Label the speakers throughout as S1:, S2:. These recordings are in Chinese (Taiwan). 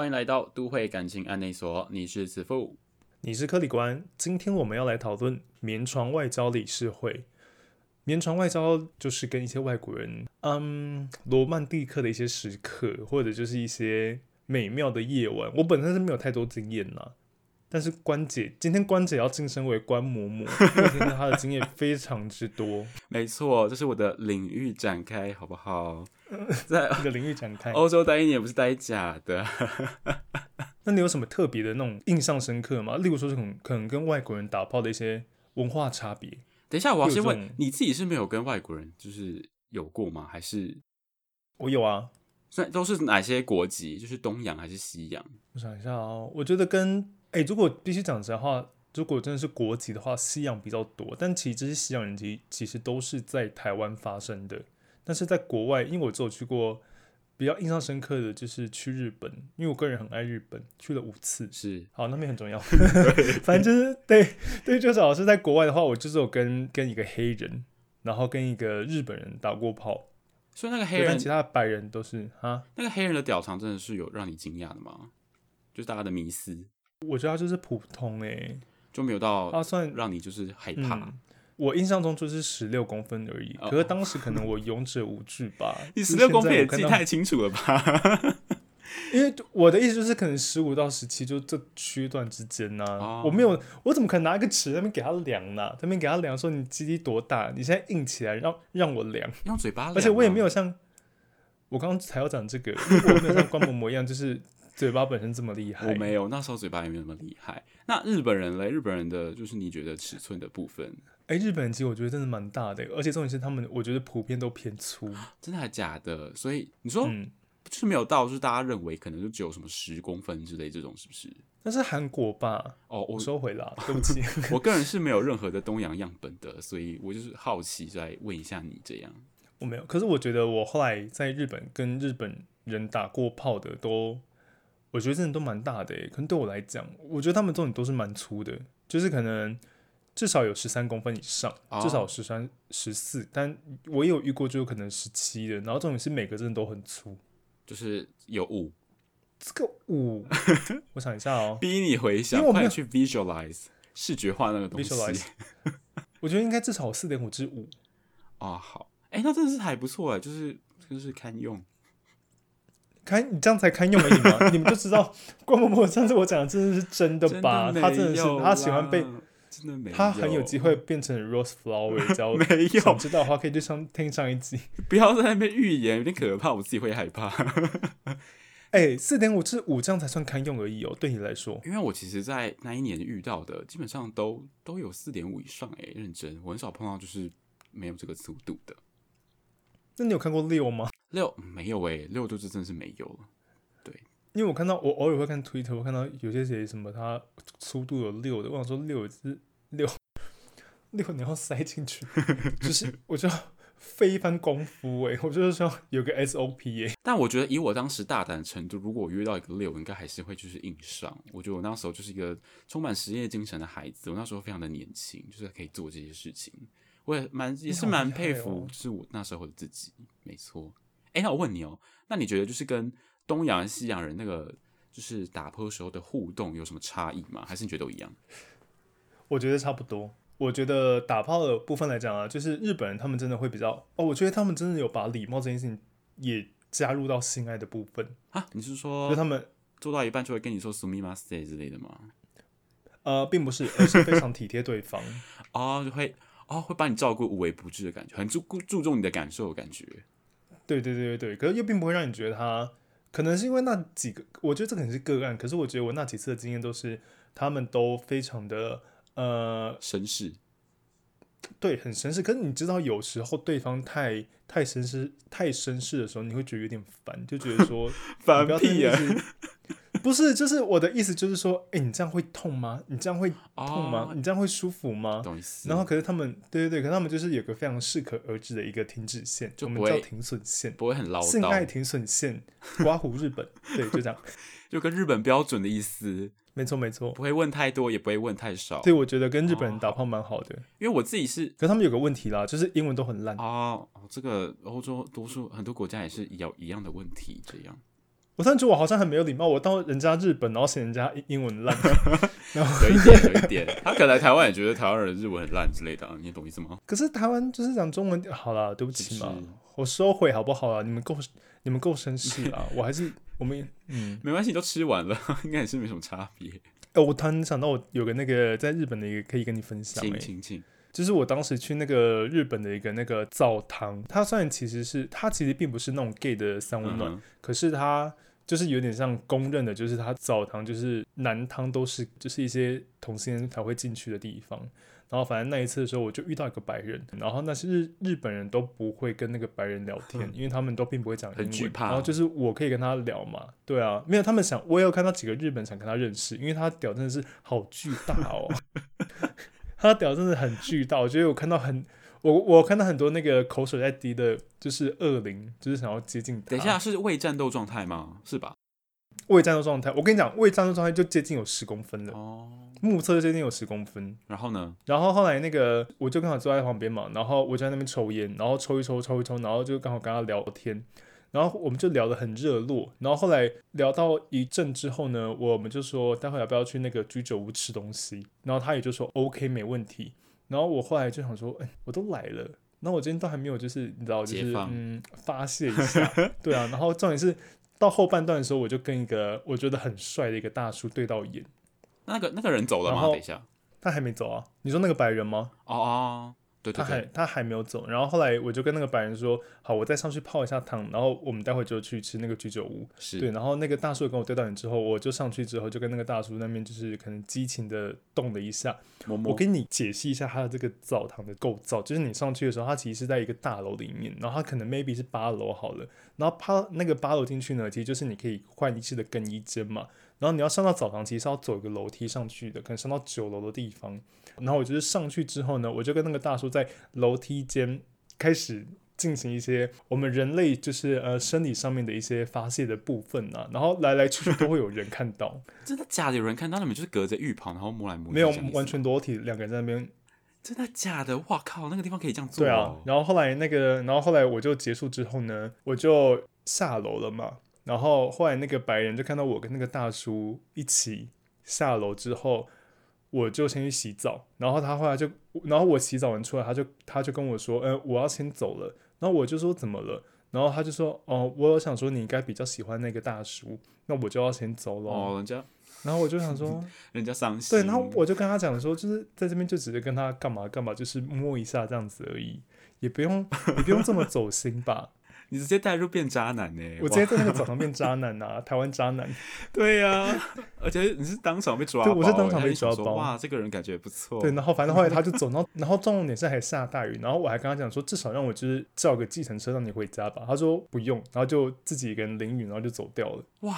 S1: 歡迎來到都會感情案內所。你是慈父，你是克裡關。今天我們要來討論眠床外交理事會。眠床外交就是跟一些外國人，嗯，羅曼蒂克的一些時刻，或者就是一些美妙的夜晚。我本身是沒有太多經驗吶，但是關姐今天關姐要晉升為關嬤嬤，今天為母母 我聽到她的經驗非常之多。
S2: 沒錯，這是我的領域展開，好不好？
S1: 在那個領域展開，歐
S2: 洲待一年也不是待假的。
S1: 那你有什麼特別的那種印象深刻嗎？例如說是可，可能跟外國人打炮的一些文化差別。等一下，我要先問
S2: 你自己是沒有跟外國人就是有過嗎？還是
S1: 我有啊？所以都
S2: 是哪些國籍？就是東洋還是西洋？
S1: 我想一下哦，我覺得跟誒、欸，如果必須講實話，如果真的是國籍的話，西洋比較多。但其實這些西洋人其實都是在台灣發生的。但是在國外，因為我只有去過比較印象深刻的就是去日本，因為我個人很愛日本，去了五次。是，好，那邊很重要。 反正、就是、對 對，就是老師在國外的話，我就是有跟跟一個黑人，然後跟一個日本人打過炮。所以那個黑人，其他的白人都是啊？那
S2: 個黑人的屌長真的是有讓你驚訝的嗎？就是、大家的迷思，
S1: 我覺得他就是普通誒、欸，
S2: 就沒有到啊，算讓你就是害怕。啊
S1: 我印象中就是十六公分而已，可是當時可能我勇者無懼吧。Oh. 你十六公分也記太清楚了吧？ 因為我的意思就是可能十五到十七就這區段之間呢、啊，oh. 我沒有，我怎麼可能拿一個尺在那邊給他量呢、啊？在那邊給他量說你雞雞多大？你現在硬起來讓，然後讓我量，用嘴巴量、啊，而且我也沒有像我剛剛才要講這個，我沒有像關嬤嬤一樣就是。 嘴巴本身這麼厲害，我沒有，那時候嘴巴也沒有那麼厲害。
S2: 那日本人嘞？日本人的就是你覺得尺寸的部分？
S1: 哎、欸，日本人其實我覺得真的蠻大的、欸，而且重點是他們，我覺得普遍都偏粗，啊、真的還假的？所以你說、嗯、就是
S2: 沒有到，就是大家認為可能就只有什麼十公分之類這種，是不是？
S1: 那是韓國吧？
S2: 哦，我收
S1: 回啦，對不起，
S2: 我個人是沒有任何的東洋樣本的，所以我就是好奇
S1: 就來問一下你這樣。我沒有，可是我覺得我後來在日本跟日本人打過炮的都。我覺得真的都蠻大的誒、欸，可能對我來講，我覺得他們這種都是蠻粗的，就是可能至少有十三公分以上，oh. 至少十三、十四，但我有遇過就有可能十七的，然後這種也是每個真的都很粗，就是有五，這個五， 我想一下哦、喔，逼你回想，因為我快
S2: 去 visualize 視覺化那個東西，visualize.
S1: 我覺得應該至少有四點五至五，
S2: 啊、oh, 好，
S1: 哎、欸、那真的是還不錯哎、欸，就是
S2: 就是堪用。
S1: 看，你這樣才堪用而已嘛！ 你們就知道郭沫沫上次我講的這是真的吧？真的他真的是，他喜歡被，真的沒有，他很有機會變成 rose flower。 只要沒有知道的話，可以去上聽上一集。不要在那邊預言，有點可怕，我自己會害怕。哎、 欸，四點五至五這樣才算堪用而已哦。對你來說，因為我其實，在那一
S2: 年遇到的，基本上都都有四點五以上、欸。哎，認真，我很少碰到就是沒有這個速度的。
S1: 那你有看過六嗎？六
S2: 沒有哎、欸，六就是真是沒
S1: 有了。對，因為我看到我偶爾會看 Twitter，我看到有些誰什麼他粗度有六的，我想說六是六六你要塞進去，就是 我要就費一番功夫哎、欸，我就是說有個 SOP 耶、欸。但我覺得以我當
S2: 時大膽程度，如果遇到一個六，我應該還是會就是硬上。我覺得我那時候就是一個充滿實驗精神的孩子，我那時候非常的年輕，就是可以做這些事情。我也蠻也是蠻佩服，哦，就是我那時候的自己，沒錯。哎、欸，那我問你哦，那你覺得就是跟東洋、西洋人那個就是打炮時候的互動有什麼差異嗎？還是你覺得都
S1: 一樣？我覺得差不多。我覺得打炮的部分來講啊，就是日本人他們真的會比較哦，我覺得他們真的有把禮貌這件事情也加入到性愛的部分啊。你是說，就是，他們
S2: 做到一半就會跟你說“私密馬賽”之類的嗎？呃，並不是，而是非常體貼對方 哦，就會。啊、哦，會把你照顧無微不至的感覺，很注注重你的感受的感覺。
S1: 對對對對對，可是又並不會讓你覺得他，可能是因為那幾個，我覺得這可能是個案。可是我覺得我那幾次的經驗都是，他們都非常的呃紳士，對，很紳士。可是你知道，有時候對方太太紳士、太紳士的時候，你會覺得有點煩，就覺得說煩 屁啊。 不是，就是我的意思，就是說，哎、欸，你這樣會痛嗎？你這樣會痛嗎？哦、你這樣會舒服嗎？然後，可是他們，對對對，可是他們就是有個非常適可而止的一個停止線，就不會，我們叫停損線，不會很嘮叨。性愛停損線，刮胡日本， 對，就這樣，就跟日本標準的意思，沒錯沒錯。不會問太多，
S2: 也不會問太少。對，
S1: 我覺得跟日本人打炮蠻好的，哦，因
S2: 為我自己是，可是他們有個問題啦，就是英文都很爛啊，哦。這個歐洲多數很多國家也是有一樣的問題，這樣。
S1: 我甚至我好像很沒有禮貌，我到人家日本，然後嫌人家英文爛，有 一點有一點，他可
S2: 能來台灣也覺得台灣人日文很爛之類的、啊，你懂意思嗎？可是
S1: 台灣就是講中文好了，對不起嘛，是是，我收回好不好啊？你們夠，你們夠生氣了， 我還是我們，嗯，沒關係，你都吃完了，應該也是沒什麼差別。哎、欸，我突然想到，我有個那個在日本的一個可以跟你分享、欸，進就是我當時去那個日本的一個那個澡堂，它雖然其實是它其實並不是那種 gay 的三溫暖、嗯，可是它。就是有點像公認的，就是他澡堂，就是男湯都是就是一些同性人才會進去的地方。然後反正那一次的時候，我就遇到一個白人，然後那些日日本人都不會跟那個白人聊天，嗯、因為他們都並不會講英語、很懼怕哦。然後就是我可以跟他聊嘛，對啊，沒有他們想，我也有看到幾個日本想跟他認識，因為他屌真的是好巨大哦， 他屌真的是很巨大，我覺得我看到很。我我看到很多那個口水在滴的，就是惡靈，就是想要接近他。等一下
S2: 是未戰鬥狀
S1: 態嗎？是吧？未戰鬥狀態，我跟你講，未戰鬥狀態就接近有十公分了哦，目測接近有十公分。然後呢？然後後來那個我就剛好坐在旁邊嘛，然後我就在那邊抽菸，然後抽一抽抽一抽，然後就剛好跟他聊天，然後我們就聊得很熱絡，然後後來聊到一陣之後呢，我們就說待會要不要去那個居酒屋吃東西？然後他也就說 OK 沒問題。然後我後來就想說，哎、欸，我都來了，然後我今天都還沒有，就是你知道，就是嗯，發洩一下， 對啊。然後重點是到後半段的時候，我就跟一個我覺得很帥的一個大叔對到眼，那個那個人走了嗎？然後，等一下，他還沒走啊。你說那個白人嗎？哦哦。對對對，他還他還沒有走，然後後來我就跟那個白人說：“好，我再上去泡一下湯，然後我們待會就去吃那個居酒屋。是”是對，然後那個大叔跟我對到眼之後，我就上去之後就跟那個大叔那邊就是可能激情的動了一下摸摸。我給你解析一下他的這個澡堂的構造，就是你上去的時候，他其實是在一個大樓裡面，然後他可能 maybe 是八樓好了，然後爬那個八樓進去呢，其實就是你可以換一次的更衣間嘛。然後你要上到澡堂，其實是要走一個樓梯上去的，可能上到九樓的地方。然後我就是上去之後呢，我就跟那個大叔在樓梯間開始進行一些我們人類就是呃生理上面的一些發洩的部分啊。然後來來去去都會有人看到， 真的假的？有人看到，那你們就是隔着浴袍，然後摸來摸去，沒有完全裸體，兩個人在那邊，真的
S2: 假的？哇靠，那個地方可
S1: 以這樣做？對啊。然後後來那個，然後後來我就結束之後呢，我就下樓了嘛。然後後來那個白人就看到我跟那個大叔一起下樓之後，我就先去洗澡。然後他後來就，然後我洗澡完出來，他就他就跟我說：“嗯、呃、我要先走了。”然後我就說：“怎麼了？”然後他就說：“哦，我想說你應該比較喜歡那個大叔，那我就要先走了。”哦，人家。然後我就想說，人家傷心。對，然後我就跟他講說，就是在這邊就直接跟他幹嘛幹嘛，就是摸一下這樣子而已，也不用也不用這麼走心吧。 你直接帶入變渣男呢、欸？我直接在那個澡堂變渣男吶、啊， 台灣渣男。對呀、啊， 而且你是當場被抓，對，我是當場被抓包。說 哇，這
S2: 個人感覺不錯。對，然後反正後來他就走，
S1: 然後然後重點是還下大雨，然後我還跟他講說，至少讓我就是叫個計程車讓你回家吧。他說不用，然後就自己一個人淋雨，然後就走掉了。哇，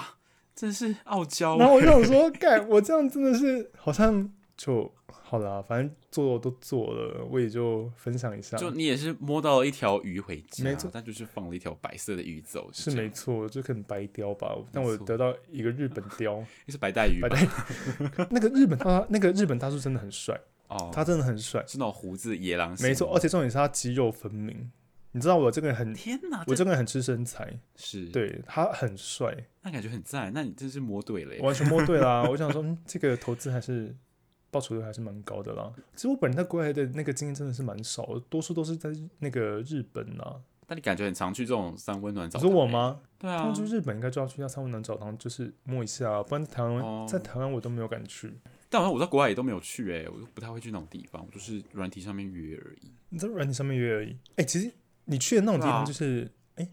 S1: 真是傲嬌、欸。然後我就想說，幹我這樣真的是好像。就好啦，反正做都，都做了，我也就分享一下。就你也
S2: 是摸到一條魚回家，沒錯，但就是放了一條白色的魚走，是沒
S1: 錯，就可能白雕吧。但我得到一個日本雕， 是白帶魚，魚。白、那、帶、個
S2: 啊，那個日本
S1: 大，那個日本大叔真的很帥哦，他真的很帥，是那種鬍子野狼，沒錯，而且重點是他肌肉分明。你知道我這個人很天哪，我這個人很吃身材，是對他很帥，那
S2: 感覺很贊。那你真是摸對了，完全摸對啦。 我想說，
S1: 嗯，這個投資還是。報酬率還是蠻高的啦。其實我本人在國外的那個經驗真的是蠻少的，多數都是在那個日本吶、
S2: 啊。那你感覺很常去這種三溫暖澡堂，可是我嗎？
S1: 對啊，去日本應該就要去一下三溫暖澡堂，就是摸一下、啊。不然在台灣、哦，在台灣我都沒有敢去。
S2: 但好像我在國外也都沒有去誒、欸，我就不太會去那種地方，就是軟體上面約而已。
S1: 你在軟體上面約而已？誒、欸，其實你去的那種地方就是誒，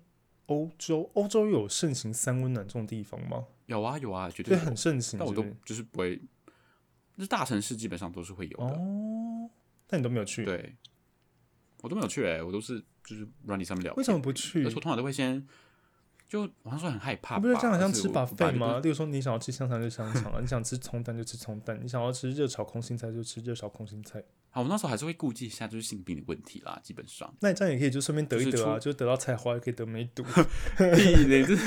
S1: 歐洲，歐洲有盛行三溫暖這種地方嗎？
S2: 有啊有啊，絕對很盛行。那我都就是不會。就是大城市基本上都是會有的、哦，但你都沒有去？對，我都沒有去、欸，哎，我都是就是 running 上面聊，為什麼不去？而且我通常都會先，就好像說很害怕不是這樣，好像吃我我 buffet 嗎？例如
S1: 說，你想要吃香腸就香腸、啊、 你想吃蔥蛋就吃蔥蛋，你想要吃熱炒空心菜就吃熱炒空心菜。
S2: 好，我們那時候還是會顧忌一下就是性病的問題啦，基本上。那你這樣也可以就順便得一得啊，就，是，
S1: 就得到菜花，也可以得梅毒。你 必呢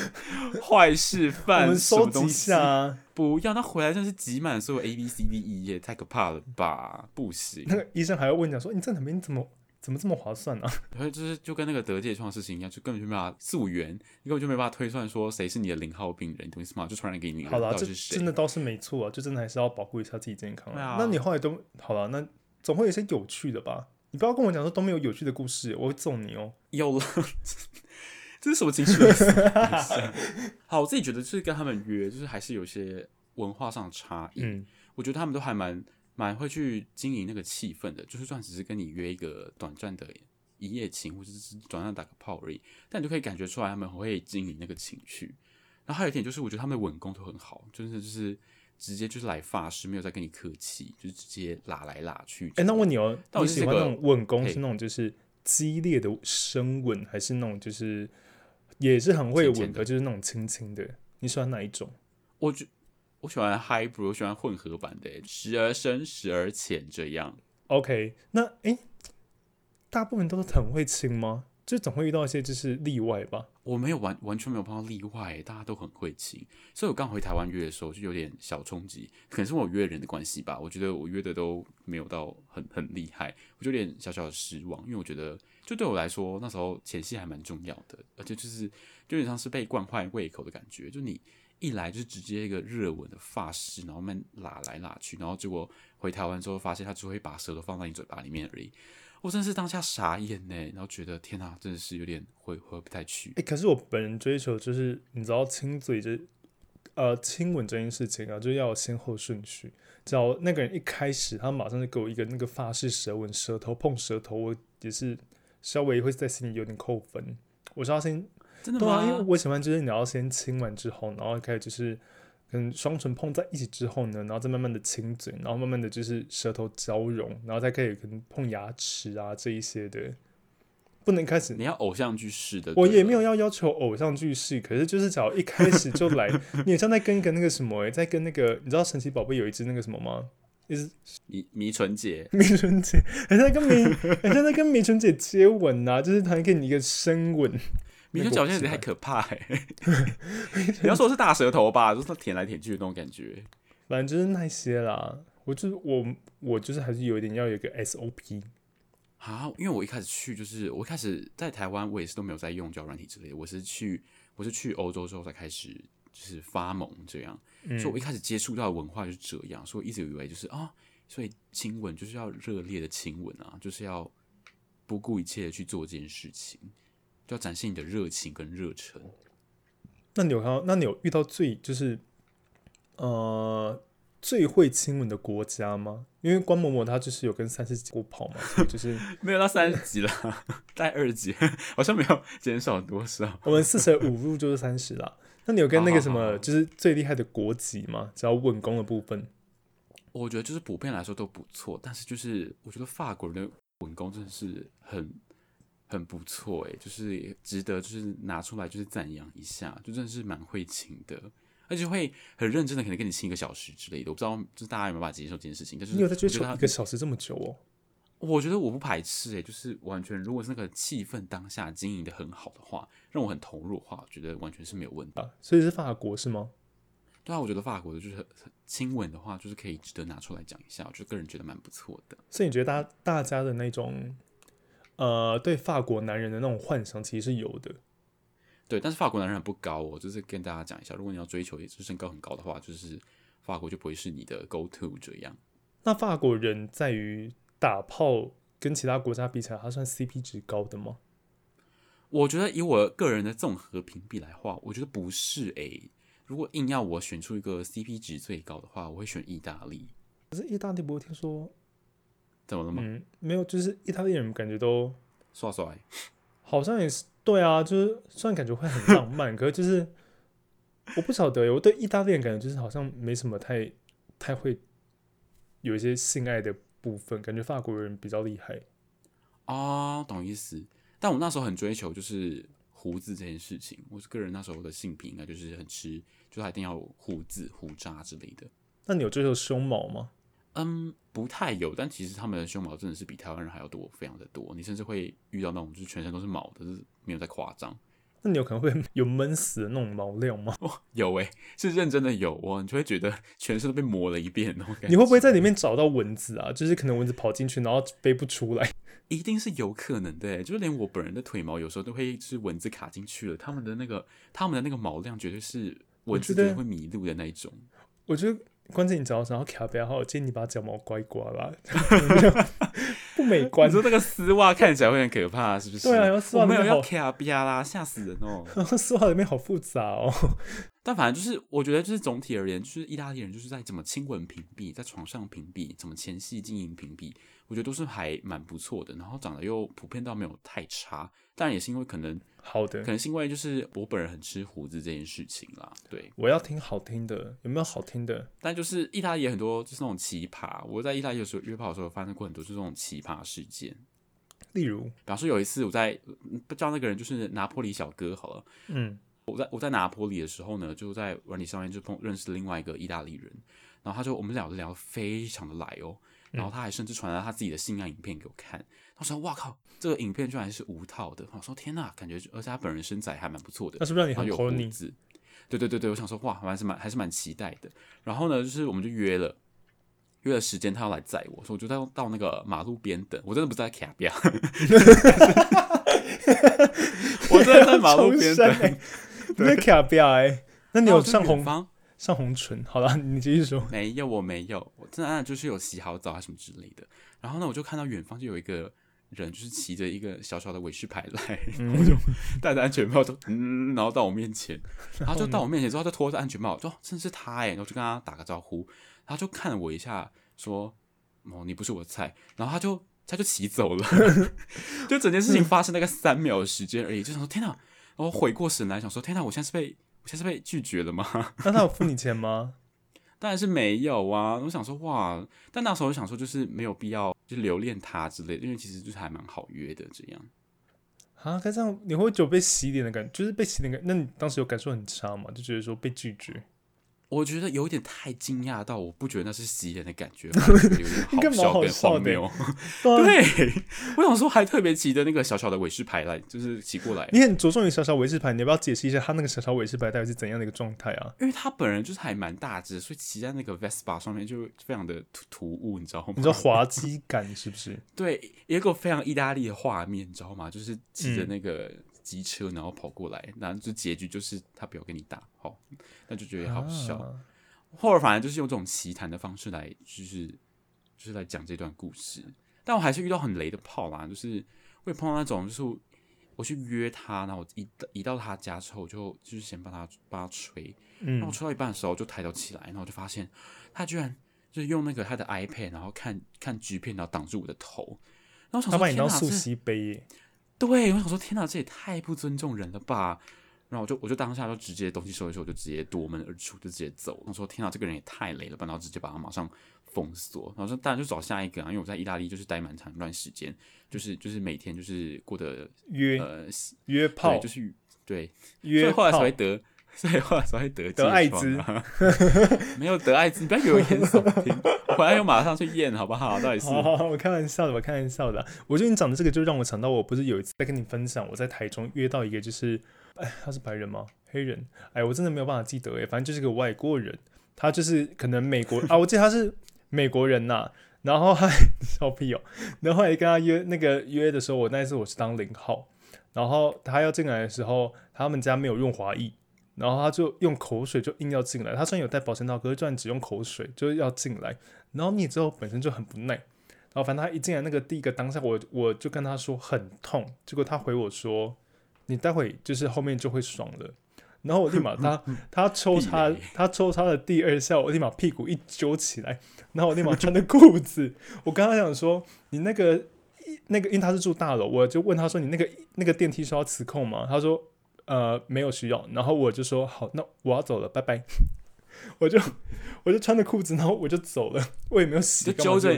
S1: 這壞事犯收集一下
S2: 啊？不要，那回來真是集滿所有 A B C D E 也太可怕了吧？不行，那
S1: 個醫生還要問你說你在哪邊怎麼怎麼這麼划算呢，啊？
S2: 然後就是就跟那個得疥瘡的事情一樣，就根本就沒法溯源，你根本就沒辦法推算說誰是你的零號病人，懂意思嗎？就傳染給你，好了，這真的
S1: 倒是沒錯啊，就真的還是要保護一下自己健康，啊，那，那你後來都好了那。總會有一些有趣的吧，你不要跟我講說都沒有有趣的故事，我會揍你哦、喔。有了，這是什麼情緒？ 好，我
S2: 自己覺得就是跟他們約，就是還是有些文化上的差異、嗯。我覺得他們都還蠻蠻會去經營那個氣氛的，就是算只是跟你約一個短暫的一夜情，或者是短暫打個炮而已，但你就可以感覺出來他們會經營那個情緒。然後還有一點就是，我覺得他們的吻功都很好，就是就是。直接就是來法式，沒有在跟你客氣，就直接喇來喇去。哎、欸，那問你哦、喔，到底、這個、喜歡那種吻功，是那
S1: 種就是激烈的深吻，還是那種就是也是很會吻的，就是那種親親的、的？你喜歡哪一種？我就
S2: 我喜歡 hybrid 我喜歡混合版的，時而深，時而淺，這樣。OK，
S1: 那誒、欸，大部分都是很會親嗎？就總會遇到一些就是例外吧。
S2: 我沒有完，完全沒有碰到例外、欸，大家都很會親，所以我剛回台灣約的時候就有點小衝擊。可能是我約人的關係吧，我覺得我約的都沒有到很很厲害，我就有點小小的失望，因為我覺得就對我來說那時候前戲還蠻重要的，而且就是就有點像是被慣壞胃口的感覺，就你一來就直接一個熱吻的發誓然後慢慢拉來拉去，然後結果回台灣之後發現他只會把舌頭放在你嘴巴裡面而已。我真是當下傻眼呢，然後覺得天哪，真的是有點會回，回不太去。誒、欸，
S1: 可是我本人追求就是，你知道親嘴這、就是、呃親吻這件事情啊，就是、要先後順序。只要那個人一開始他馬上就給我一個那個法式舌吻，舌頭碰舌頭，我也是稍微會在心裡有點扣分。我知道，先對啊，因為我喜歡就是你要先親完之後，然後開始就是。跟雙唇碰在一起之後呢，然後再慢慢的親嘴，然後慢慢的就是舌頭交融，然後再開始跟碰牙齒啊這一些的，不能開始。你要偶像劇式的，我也沒有要要求偶像劇式，可是就是只要一開始就來， 你好像在跟一個那個什麼、欸，在跟那個你知道神奇寶貝有一隻那個什麼嗎？就是迷迷唇姐，迷唇姐，好像在跟迷，好 像在跟迷唇姐接吻吶、啊，就是他給你一個深吻。你的表現有點太
S2: 可怕、欸！不 要 說是大舌頭吧，就是舔來舔去的那種感覺。
S1: 反正就是那些啦，我就是我，我就是還是有點要有一個 SOP。好，因為我一開始去，就是我一
S2: 開始在台灣，我也是都沒有在用腳軟體之類的。我是去，我是去歐洲之後才開始就是發懵這樣、嗯。所以我一開始接觸到的文化就是這樣，所以我一直以為就是啊，所以親吻就是要熱烈的親吻啊，就是要不顧一切的去做這件事情。要展現你的熱情跟熱忱。
S1: 那你有看到？那你有遇到最就是，呃，最會親吻的國家嗎？因為關嬤嬤他就是有跟三十幾過跑嘛，就是 沒有到三十幾了，在 二級，好像沒有減少多少。我們四舍五入就是三十了。 那你有跟那個什麼就是最厲害的國籍嗎？只要吻功的部分，我覺得就是普遍
S2: 來說都不錯，但是就是我覺得法國人的吻功真的是很。很不錯誒、欸，就是值得，就是拿出來，就是讚揚一下，就真的是蠻會親的，而且會很認真的，可能跟你親一個小時之類的，我不知道，就是大家有沒有辦法接受這件事情？但是覺得你有在追求一個
S1: 小時這麼久哦？我覺
S2: 得，我，覺得我不排斥誒、欸，就是完全，如果是那個氣氛當下經營得很好的話，讓我很投入的話，我覺得完全是沒有問題，啊。
S1: 所以是法國是嗎？
S2: 對啊，我覺得法國的就是很親吻的話，就是可以值得拿出來講一下，我覺得個人覺得蠻不錯的。
S1: 所以你覺得大大家的那種？呃，對法國男人的那種幻想，其實是有的，
S2: 對，但是法國男人很不高哦，我就是跟大家講一下，如果你要追求就是身高很高的話，就是法國就不會是你的 go to 這樣。
S1: 那法國人在於打炮，跟其他國家比起來，他算 CP 值高的嗎？
S2: 我覺得以我個人的綜合評比來話，我覺得不是、欸。誒，如果硬要我選出一個 CP 值最高的話，我會選意大利。
S1: 可是意大利不，不是，我聽說。怎麼了嗎？嗯，沒有，就是意大利人感覺都帥帥，好像也是對啊，就是雖然感覺會很浪漫， 可是就是我不曉得，我對意大利人感覺就是好像沒什麼太太會有一些性愛的部分，感覺法國人比較厲害啊，懂意思？
S2: 但我那時候很追求就是鬍子這件事情，我是個人那時候的性癖應該就是很吃，就是一定要有鬍子、鬍渣之類的。
S1: 那你有追求胸毛嗎？嗯，
S2: 不太有，但其實他們的胸毛真的是比台灣人還要多，非常的多。你甚至會遇到那種就是全身都是毛的，但是沒有在誇張。
S1: 那你有可能會有悶死的那種毛量嗎？
S2: 哦、有誒、欸，是認真的有哦。你就會覺得全身都被磨了一遍那種感覺。你會不會在裡面
S1: 找到蚊子啊？就是可能蚊子跑進去，然後飛不出來，一定是有可能的、欸。就是連我
S2: 本人的腿毛有時候都會是蚊子卡進去了。他們的那個，他們的那個毛量絕對是蚊子，我覺得、就是、會迷路的那一種。
S1: 我覺得。關鍵你腳上要卡皮拉，我建議你把腳毛刮一刮啦， 不美觀。你說那個
S2: 絲襪看起來會很可怕，是不是？對啊，要絲襪要卡皮拉啦，嚇死人哦！
S1: 絲 襪裡面好複雜哦。
S2: 但反正就是，我覺得就是總體而言，就是意大利人就是在怎麼親吻屏蔽、屏蔽、在床上屏蔽、怎麼前戲經營屏蔽，我覺得都是還蠻不錯的。然後長得又普遍到沒有太差。但也是因為可能好的，可能是因為就是我本人很吃鬍子這件事情啦。對，
S1: 我要聽好聽的，有沒有好聽的？
S2: 但就是意大利很多就是那種奇葩，我在意大利有時候的時候約炮的時候發生過很多就是這種奇葩事件。
S1: 例如，
S2: 比方說有一次我在不知道那個人就是拿坡里小哥好了，嗯，我在我在拿坡里的時候呢，就在玩你上面就碰認識了另外一個意大利人，然後他說，我們兩個聊得聊非常的來哦。然後他還甚至傳了他自己的性愛影片給我看，嗯、我說哇靠，這個影片居然是無套的，我說天哪，感覺而且他本人身材還蠻不錯的，那、啊、是不是很你很有骨子對對對對，我想說哇，還是蠻還是蠻期待的。然後呢，就是我們就約了約了時間，他要來載我，我說我就在到，到那個馬路邊等，我真的不在卡表， 我真的在馬路邊等，欸、 你在卡表哎，
S1: 那你有上紅房？啊上紅唇，
S2: 好了，你繼續說。沒有，我沒有，我真的就是有洗好澡啊什麼之類的。然後呢，我就看到遠方就有一個人，就是騎着一個小小的偉士牌來、嗯，我就戴着安全帽，就嗯，然後到我面前，然後，然後就到我面前之後，就脫下安全帽，說：“真是他欸！”然後就跟他打個招呼，然後就看了我一下，說：“哦，你不是我的菜。”然後他就他就騎走了， 就整件事情發生那個三秒的時間而已。就想說：“天哪！”然後我回過神來，想說：“天哪！我現在是被……”現在是被拒絕
S1: 了嗎？那他有付你錢嗎
S2: 當然是沒有啊！我想說哇，但那時候我想說就是沒有必要，就留戀他之類的，因為其實就是還蠻好約的這樣。
S1: 啊，這樣你會不會有被洗臉的感覺，就是被洗臉感？那你當時有感受很差嗎？就覺得說被拒絕？我覺得有點太驚訝到，我不覺得那是喜人的感覺，有
S2: 點好笑跟荒謬。
S1: 對，
S2: 我想說還特別騎着那個小小的偉士牌來，就是騎過來。你
S1: 很着重於小小偉士牌，你要不要解釋一下他那個小小偉士牌大概是怎樣的一個狀態啊？因
S2: 為他本人就是還蠻大只，所以騎在那個 Vespa 上面就非常的突兀，你知道嗎？你知道滑
S1: 稽感是不是？
S2: 對，有一個非常意大利的畫面，你知道嗎？就是騎着那個。嗯機車，然後跑過來，然後就結局就是他不要跟你打，哈，那就覺得好笑。啊、後來，反正就是用這種奇談的方式來、就是，就是就是來講這段故事。但我還是遇到很雷的炮啦，就是會碰到那種，就是我，我去約他，然後一一到他家之後，我就就是先幫他幫他吹，嗯，然後吹到一半的時候，我就抬頭起來，然後我就發現他居然就是用那個他的 iPad，然後看看橘片，然後擋住我的頭，然後我想說他把飲料豎起杯耶。對，我想說，天吶，這也太不尊重人了吧！然後我就，我就當下就直接東西收一收，我就直接奪門而出，就直接走。我說，天吶，這個人也太雷了吧！然後直接把他馬上封鎖。然後說，大家就找下一個啊，因為我在意大利就是待蠻長一段時間，就是就是每天就是過得約呃約炮，對，就是對，約炮。後來才會得。所以話說會得得、啊、艾滋 ，
S1: 沒有得艾滋，不要有言少
S2: 回來又馬上去驗，
S1: 好不好、啊？到底是好好好，我開玩笑的，我開玩笑的、啊。我最近講的這個，就讓我想到，我不是有一次在跟你分享，我在台中約到一個，就是他是白人嗎？黑人？哎，我真的沒有辦法記得、欸、反正就是個外國人，他就是可能美國人 啊，我記得他是美國人吶、啊。然後他，笑屁哦、喔，然後後來跟他約那個約的時候，我那一次我是當零號，然後他要進來的時候，他們家沒有用華裔。然後他就用口水就硬要進來，他雖然有戴保險套，可是他只用口水就要進來。然後你之後本身就很不耐，然後反正他一進來那個第一個當下，我我就跟他說很痛，結果他回我說你待會就是後面就會爽了。然後我立馬他 他，他抽插他，他抽插的第二下，我立馬屁股一揪起來，然後我立馬穿的褲子。 我剛剛想說你那個那個，因為他是住大樓，我就問他說你那個那個電梯需要磁控嗎？他說。呃，沒有需要，然後我就說好，那我要走了，拜拜。 我就我就穿着褲子，然後我就走了，我也沒有洗，就
S2: 揪着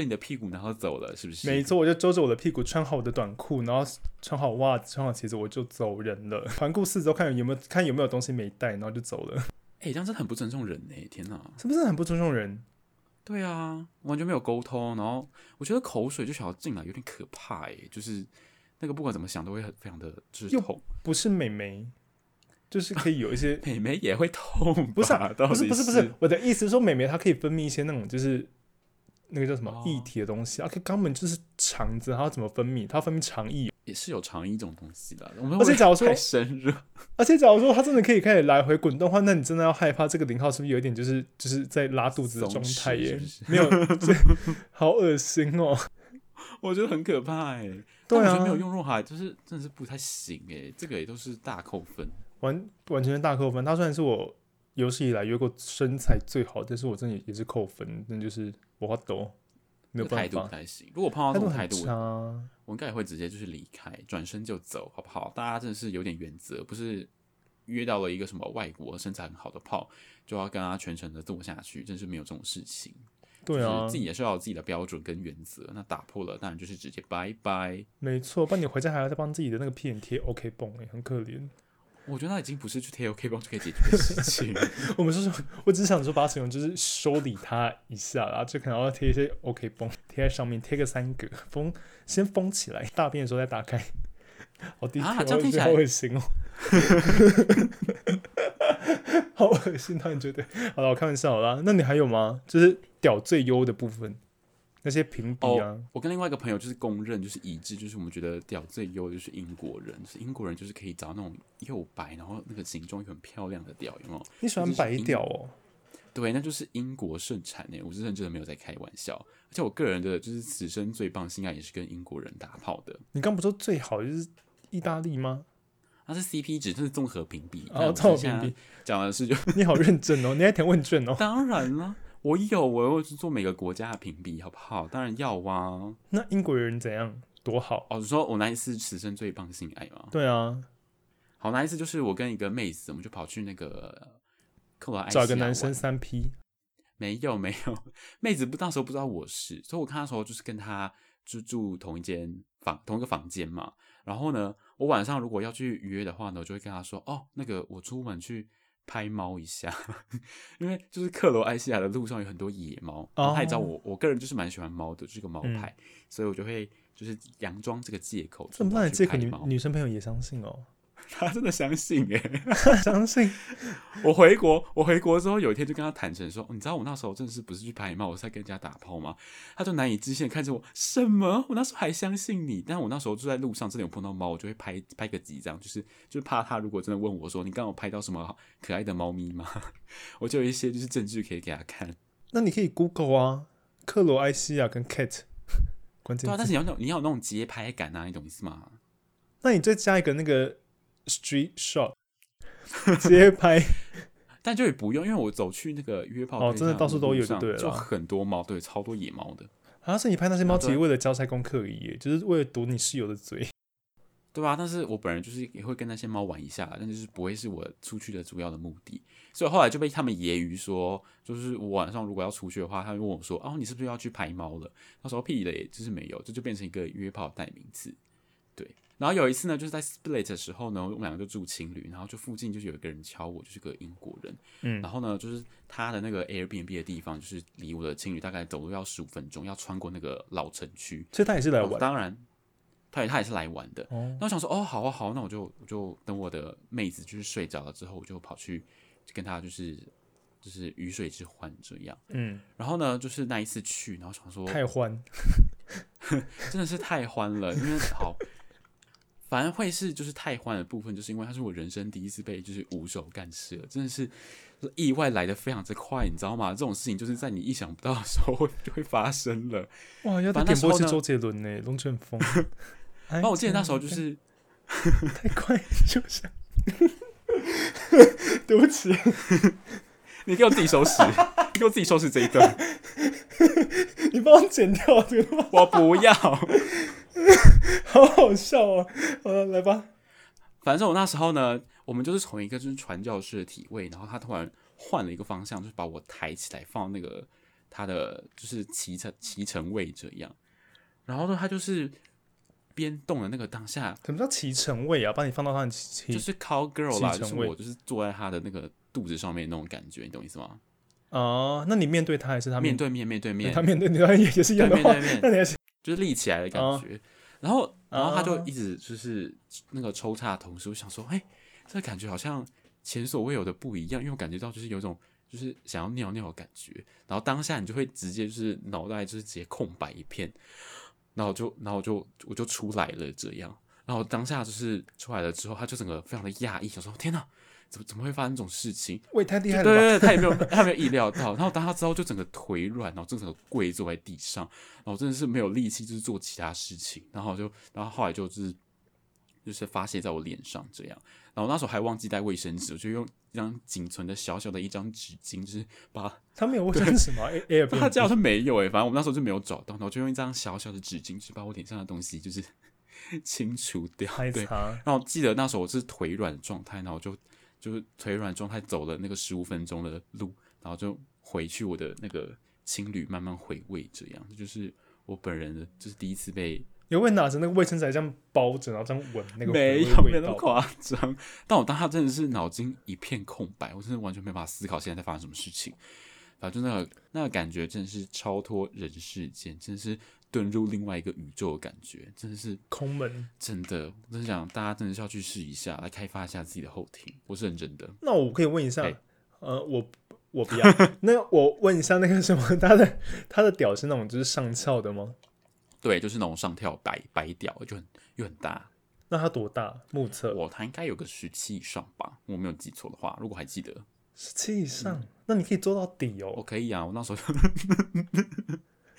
S2: 你，你的屁股，然後走了，是不是？沒
S1: 錯，我就揪着我的屁股，穿好我的短褲，然後穿好襪子，穿好鞋子，我就走人了。環 顧四周，看有沒有看有沒有東西沒帶，然後就走了。誒、欸，這樣真的很不尊重人誒、欸，天吶，是不是很不尊重人？
S2: 對啊，完全沒有溝通。然後我覺得口水就想要進來，有點可怕誒、欸，就是。那個不管
S1: 怎麼想都會很非常的就是痛，又不是美眉，就是可以有一些美眉 也會痛，不是、啊、不是不是不是不是，我的意思是說美眉它可以分泌一些那種就是那個叫什麼、哦、液體的東西，而且根本就是腸子，它要怎麼分泌？它要分泌腸液也是有腸液這種東西的、啊會會。而且假如說而且假如說它真的可以開始來回滾動的話， 那你真的要害怕這個零號是不是有一點就是就是在拉肚子的狀態耶是是是？沒有， 好噁心哦。 我覺得很可怕哎、欸，對啊、但完全沒有用，入海
S2: 就是真的是不太行誒、欸，這個也都是大扣分，
S1: 完完全是大扣分。他雖然是我有史以來約過身材最好的，但是我真的也是扣分，那就是我發抖，沒有辦法，態、這個、度不太行，如果碰到這種態度,度我,
S2: 我應該也會直接就是離開，轉身就走，好不好？大家真的是有點原則，不是約到了一個什麼外國身材很好的砲，就要跟他全程的做下去，真的是沒有這種事情。對啊，就是，自己也是要有自己的標準跟原則，那打破了當然就是直接拜拜。
S1: 沒錯，不然你回家還要再幫自己的那個屁眼貼 OK 繃，誒，很可憐。我覺得他已經不是去貼 OK 繃就可以解決的事情。 我們是說，我只想說把陳勇就是修理它一下，然後就可能要貼一些 OK 繃，貼在上面，貼個三格封先封起來，大便的時候再打開。好，啊，這樣聽起來很惡心哦，喔。哈哈哈哈哈哈哈哈哈哈！好惡心，那你覺得？好了，我開玩笑好了，那你還有嗎？就是。屌最優的部分，那些評比啊，oh,
S2: 我跟另外一個朋友就是公認，就是一致，就是我們覺得屌最優就是英國人，就是英國人就是可以找那種又白，然後那個形狀又很漂亮的屌，有，沒有你喜歡白屌、屌哦？對，那就是英國盛產誒，我真的真的，沒有在開玩笑。而且我個人的就是此生最棒性愛也是跟英國人打炮的。你剛不說最好就
S1: 是意大利嗎？
S2: 那是 CP 值，就是綜合評比。哦、啊，綜合評比講的是就、
S1: 啊、 你好認真哦，你還填問卷哦？ 當然啦、啊。
S2: 我有，我要去做每個國家的評比，好不好？當然要啊。
S1: 那英國人怎樣？
S2: 多好哦？你說我那一次此生最棒性愛嗎？對啊，好，那一次就是我跟一個妹子，我們就跑去那個克，找一個男生三 P，沒有沒有，妹子不那時候不知道我是，所以我看的時候就是跟她就住同一間房，同一個房間嘛。然後呢，我晚上如果要去約的話呢，我就會跟她說哦，那個我出門去。拍貓一下， 因為就是克羅埃西亞的路上有很多野貓，拍、oh. 他也知道我，我個人就是蠻喜歡貓的，就是個貓派、嗯，所以我就會就是佯裝這個借口，這麼爛的借口
S1: 女生朋友也相信哦。他真的相信誒、欸， 相信
S2: 我回國，我回國之後有一天就跟他坦誠說，你知道我那時候真的是不是去拍貓，我在跟人家打炮嗎？他就難以置信地看着我，什麼？我那時候還相信你？但我那時候就在路上，真的有碰到貓，我就會拍拍個幾張，就是就怕他如果真的問我說，你剛好拍到什麼可愛的貓咪嗎？我就有一些就是證據可以給他看。
S1: 那你可以 Google 啊，克羅埃西亞跟 cat，關鍵字。對啊，但是你要
S2: 有你要有那種節拍感啊，你懂意思嗎？
S1: 那你再加一個
S2: 那個。Street shot
S1: 直接拍 ，
S2: 但就也不用，因為我走去那個約炮，哦，真的到處都有就對，就很多貓，對，超多野貓的
S1: 像、啊、是你拍那些貓，只是為了交差功課而已，就是為了堵你室友的嘴，
S2: 對吧，啊？但是我本人就是也會跟那些貓玩一下，但就是不會是我出去的主要的目的，所以後來就被他們揶揄說，就是我晚上如果要出去的話，他就問我說：“哦，你是不是要去拍貓了？”我說：“屁的，就是沒有。”這就變成一個約炮的代名詞。然後有一次呢，就是在 Split 的時候呢，我們兩個就住青旅，然後就附近就是有一個人敲我，就是個英國人，嗯，然後呢，就是他的那個 Airbnb 的地方，就是離我的青旅大概走路要十五分鐘，要穿過那個老城區。所以他也是來玩，然後當然，他也他也是來玩的。哦，然後我想說，哦，好啊，好，那我就我就等我的妹子就是睡着了之後，我就跑去跟他就是就是魚水之歡這樣。嗯，然後呢，就是那一次去，然後想說太歡， 真的是太歡了，因為好。 反而會是就是太歡的部分，就是因為他是我人生第一次被就是無手干事了，真的是意外來的非常之快，你知道嗎？這種事情就是在你意想不到的時候就會發
S1: 生了。哇，要點播是周杰倫呢，龍捲風。然後我記得那時候就是
S2: 太，
S1: 太快，就是 對不起，
S2: 你給我自己收拾， 你給我自己收拾這一段，
S1: 你幫我剪掉對嗎？我不要。 好好笑啊、喔！好了，來吧。
S2: 反正我那時候呢，我們就是從一個就是傳教士的體位，然後他突然換了一個方向，就是把我抬起來，放那個他的就是騎乘騎乘位這樣。然後呢，他就是邊動的那個當下，怎
S1: 麼叫騎乘位啊？把你放到他的就是 cow girl 啦，就是我就
S2: 是坐在他的那個肚子上面那種感覺，你懂意思嗎？
S1: 哦、呃，那你面對他還是他面、面對面面對面，對他面對你也也是一樣的話，對面對面那你還
S2: 就是立起來的感覺，Oh. 然後，然後他就一直就是那個抽插的同時，我想說，哎、欸，這個感覺好像前所未有的不一樣，因為我感覺到就是有種就是想要尿尿的感覺，然後當下你就會直接就是腦袋就是直接空白一片，然後就，然後就，我就出來了這樣，然後當下就是出來了之後，他就整個非常的訝異，想說，天哪！怎麼怎麼會發生這種事情？太厲害了對，對對，他也沒有他沒有意料到。然後當他之後就整個腿軟，然後整個跪坐在地上，然後真的是沒有力氣，就是做其他事情。然後就然後後來就、就是就是發洩在我臉上這樣。然後那時候還忘記帶衛生紙，我就用一張僅存的小小的一張紙巾，就是把。他沒有衛生紙嗎？
S1: 哎哎，A, A, B, 他這樣說
S2: 沒有誒、欸，反正我們那時候就沒有找到，然後就用一張小小的紙巾，就是把我臉上的東西就是清除掉。對。然後記得那時候我是腿軟的狀態，然後就。就是腿軟狀態走了那個十五分鐘的路，然後就回去我的那個青旅慢慢回味這樣，就是我本人的就是第一次被，
S1: 因為拿着那個衛生紙這樣包着，然後這樣聞那個味味道，沒那麼誇
S2: 張，但我當時真的是腦筋一片空白，我真的完全沒辦法思考現在在發生什麼事情，然後就那個那個感覺真的是超脫人世間，真的是。遁入另外一個宇宙的感覺，真的是空門，真的，我真想大家真的是要去試一下，來開發一下自己的後庭，我是認真的。
S1: 那我可以問一下，呃，我我不要。 那我問一下那個什麼，他的他的屌是那種就是上翹的嗎？
S2: 對，就是那種上跳白，白白屌，就很又很大。那他多大？目測我、哦，他應該有個十七以上吧？我沒有記錯的話，如果還記得十七以上、嗯，那你可以做到底哦。我可以啊，我那時候。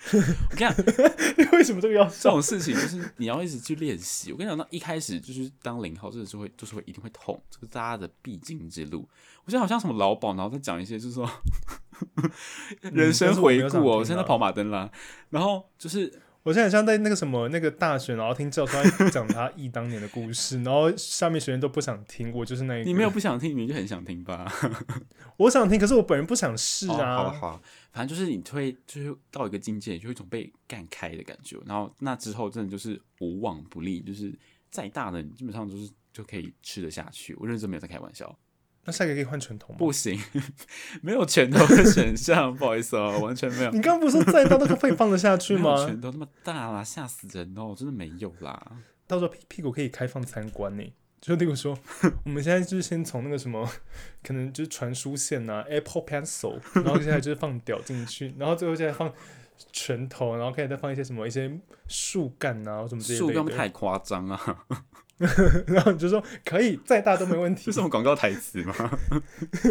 S2: 我跟你講， 你為什麼這個要這種事情？就是你要一直去練習。我跟你講，那一開始就是當零號，真、就、的是會，就是會，一定會痛，這、就、個、是、大家的必經之路。我現在好像什麼勞
S1: 保，然後再講一些，就是說
S2: 人生回顧哦、嗯。我現在，在跑馬燈啦，
S1: 然後就是。我現在像在那個什麼那個大學，然後聽教授講他憶當年的故事， 然後下面學員都不想聽。我就是那一、個、你沒有不想聽，你就很想聽吧。 我想聽，可是我本人不想試啊,、哦、啊。好啊，
S2: 反正就是你推，就是到一個境界，就一種被幹開的感覺。然後那之後真的就是無往不利，就是再大的，你基本上就是就可以吃得下去。我認真沒有在開玩笑。
S1: 那下一個可以換拳頭嗎？不
S2: 行，沒有拳頭的選項， 不好意思哦、喔，完全沒有。你剛剛不是再大那個可以放得下去嗎？ 拳頭那麼大啦，嚇死人哦、喔，真的沒有啦。
S1: 到時候屁，屁股可以開放參觀呢，就那個說，我們現在就是先從那個什麼，可能就是傳輸線啊 ，Apple Pencil，然後接下來就是放屌進去， 然後最後再放拳頭，然後可以再放一些什麼一些樹幹啊，什麼之類的，樹幹太
S2: 誇張啊。
S1: 然後你就說，可以再大都沒問題。這是什麼廣告台詞嗎？